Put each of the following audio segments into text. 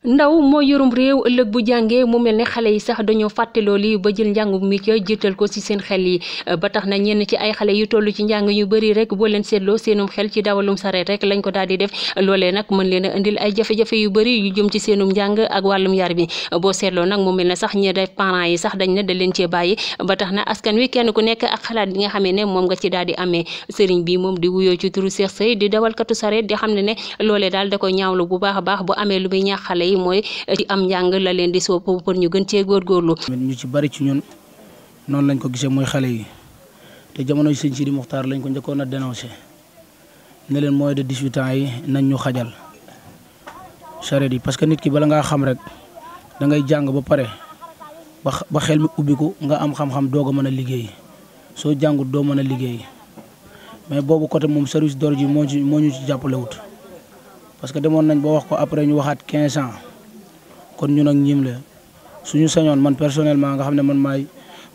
ndaw moo yorum réew lëg bu jàngee mu mel ni xale yi sax dañoo fàtte loolu ba jël njàngum mi ca jiital ko ci seen xel yi ba tax na ñenn ci ay xale yu toll ci njàng ñu bëri rek boo leen seetloo seenum xel ci dawalum sareet rek lañ ko daal di def loolee nag mën leen a indil ay jafe-jafe yu bëri yu jëm ci seenum njàng ak wàllum yar bi boo seetloo nag mu mel ne sax ñi def parents yi sax dañ ne da leen cee bàyyi ba tax na askan wi kenn ku nekk ak xalaat nga xamee ne moom nga ci daal di amee seriñ bi moom di wuyoo ci turu Cheikh Seye di dawalkatu sareet di xam ne ne loole daal da ko ñaawlu bu baax baax amee lu yi mooy ci eh, am njàng la leen di sopp pour ñu gën cee góorgóorlu. ñu ci bari ci ñun noonu lañ ko gisee mooy xale yi te jamono sëñ Sidi Muxtaar lañ ko njëkkoon a dénoncé ne leen mooy de 18 ans yi nañ ñu xajal charette yi parce que nit ki bala ngaa xam rek da ngay jàng ba pare ba xel mi ubbiku nga am xam-xam doog mën a liggéey soo jàngut doo mën a liggéey mais boobu côté moom service d'ordre ji moo moo ñu ci jàppalewut parce que demoon nañ ba wax ko après ñu waxaat 15 ans. kon ñu ak ñiim la suñu sañoon man personnellement nga xam ne man maay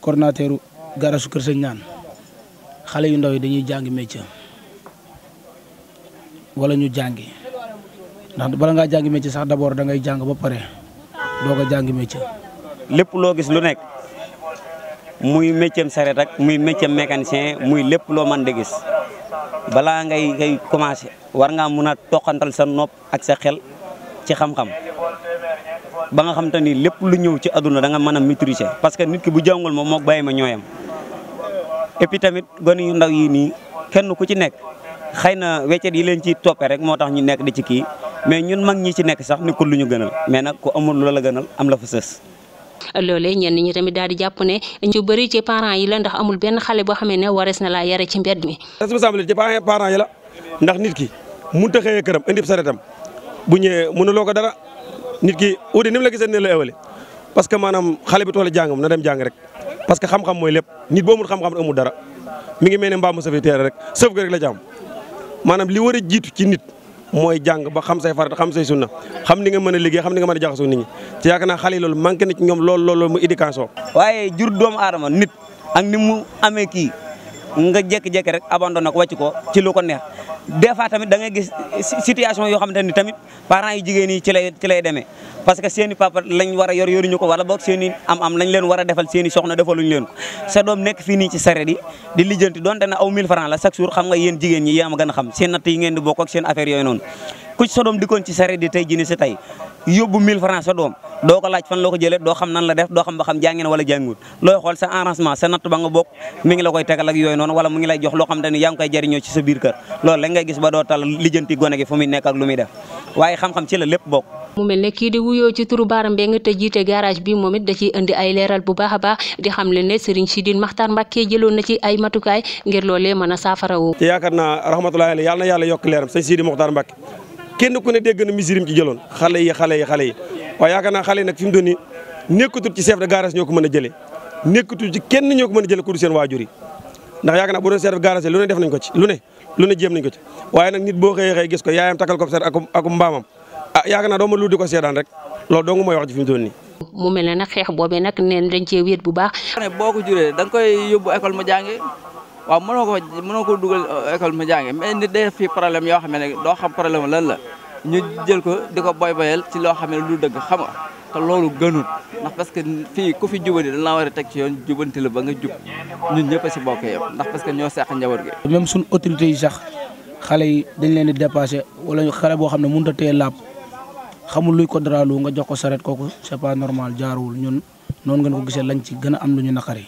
coordonnateur garasu Kër Sëñ Ñaan xale yu ndaw yi dañuy jàngi métier wala ñu jàngi ndax bala ngaa jàngi métier sax d'abord da ngay jàng ba pare doo ko jàngi métier. lépp loo gis lu nekk muy métier saret rek muy métier mécanicien muy lépp loo man di gis balaa ngay ngay commencer war ngaa mun a toqantal sa nopp ak sa xel ci xam-xam. ba nga xam lépp lu ñëw ci aduna da nga mën a maîtriser parce que nit ki bu jàngul moom moog bàyyi ma ñooyam et tamit gone ndaw yi nii kenn ku ci nekk xëy na weccet yi leen ciy toppee rek moo tax ñu nekk di ci kii mais ñun mag ñi ci nekk sax nekkul lu ñu gënal mais na ku amul lu la gënal am la fa sës. ñeen ñenn ñi tamit daal di jàpp ne ñu bëri ci parents yi la ndax amul benn xale boo xamee ne warees na laa yare ci mbedd mi. responsabilité ci parents yi la ndax nit ki mënut a xëyee këram indi saretam bu nit ki uudi ni mu la gisee ne la ewale parce que maanaam xale bi toole jàngam na dem jàng rek parce que xam-xam mooy lépp nit boo amul xam-xam amul dara mi ngi mel ne mbaamu safi teere rek sëf ga rek la jàmm maanaam li war a jiitu ci nit mooy jàng ba xam say farata xam say sunna xam ni nga mën a liggéey xam ni nga mën a jaxasoo nit ñi te yaakaar naa xale yi loolu manqué na ci ñoom lool lool mu éducation. waaye jur doomu aadama nit ak ni mu amee kii nga jékki-jékki rek abandonné ko wàcc ko ci lu ko neex des fois tamit da ngay gis situation yoo xamante ni tamit parents yu jigéen yi ci lay ci lay demee parce que seen i papa lañ war a ko wala boog seen i am-am lañ leen war a defal seen i soxna defaluñ leen ko sa doom nekk fii nii ci saret yi di lijjanti donte ne aw 1000 francs la chaque jour xam nga yéen jigéen ñi yaa ma gën a xam seen natt yi ngeen di bokk ak seen affaire yooyu noonu ku ci dikkoon ci saret yi tey jii ni si tey yóbbu 1000 francs sa doo laaj fan loo ko jëlee doo xam nan la def doo xam ba xam jàngeen wala jàngut looy xool sa arrangement sa natt ba nga bokk mi ngi la koy tegal ak yooyu noonu wala mu ngi lay jox loo xam te ni yaa ngi koy jëriñoo ci sa biir kër loolu la ngay gis ba la lépp bokk mu mel a baax di xam le ne Makhtar Mbacké jëloon na a saafara woo yaakaar naa rahmatullahi ne dégg misirim ci jëloon xale yi xale yi xale yi waaye yaakaar naa xale nag fi mu doon nii nekkatul ci chef de garage ñoo ko mën a jëlee nekkatul ci kenn ñoo ko mën a jëlee ku du seen waajur yi ndax yaakaar naa bu doon chef de garage lu ne def nañ ko ci lu ne lu ne jéem nañ ko nag nit boo xëyee xëy gis ko yaayam takkal ko ah ko seedaan rek loolu dong mooy wax ci fi mu doon nii. mu mel ne nag xeex boobee nag neen dañ cee wéet bu baax. boo ko juree da koy yóbbu école mu jàngee waaw mënoo ko ko dugal euh, école mu jàngee mais nit day fi problème yoo xam ne doo xam problème lan la ñu jël ko di ko boy boyal ci loo xam ne lu dëgg xam nga te loolu gënut ndax parce que fii ku fi jubadi dañ laa war a teg ci yoon jubanti la ba nga jub ñun ñëpp si bokk yëpp ndax parce que ñoo seq njaboot gi. même suñ autorité yi sax xale yi dañ leen di dépassé wala xale boo xam ne mënut a téye làpp xamul luy ko dara lu nga jox ko saret kooku c'est pas normal jaaruwul ñun noonu ngeen ko gisee lañ ci gën a am lu ñu naqari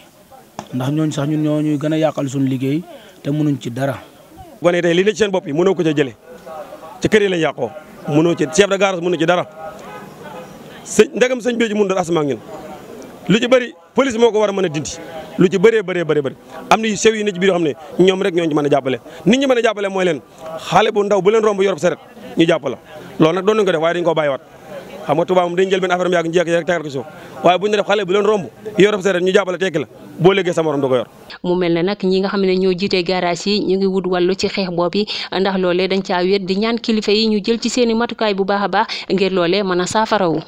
ndax ñooñ sax ñun ñoo ñuy gën a yàqal suñu liggéey te mënuñ ci dara. bu ko li ne seen bopp yi mënoo ko ca jëlee ci kër yi lañ yàqoo mënoo ci chef de garage mënoo ci dara sëñ ndegam sëñ bi ci mën dara asmaa ngeen lu ci bëri police moo ko war a mën a dindi lu ci bëree bëree bëri bëri am na yu sew yi ne ci biir yoo xam ne ñoom rek ñoo ci mën a jàppale nit mën a jàppale mooy leen xale bu ndaw bu leen romb yorob saret ñu jàppala loolu nag doon nañu ko def waaye dañu koo bàyyiwaat xam nga tubaab moom dañu jël benn affaire am yàgg njëkk rek tegal waaye bu ñu def xale bu leen romb yorob saret ñu jàppale tekki la boo léegee sa morom du ko yor. mu mel ne nag ñi nga xam ne ñoo jiite garage yi ñu ngi wut wàllu ci xeex boobu yi ndax loolee dañ caa wéet di ñaan kilifa yi ñu jël ci seen i matukaay bu baax a baax ngir loolee mën a saafarawu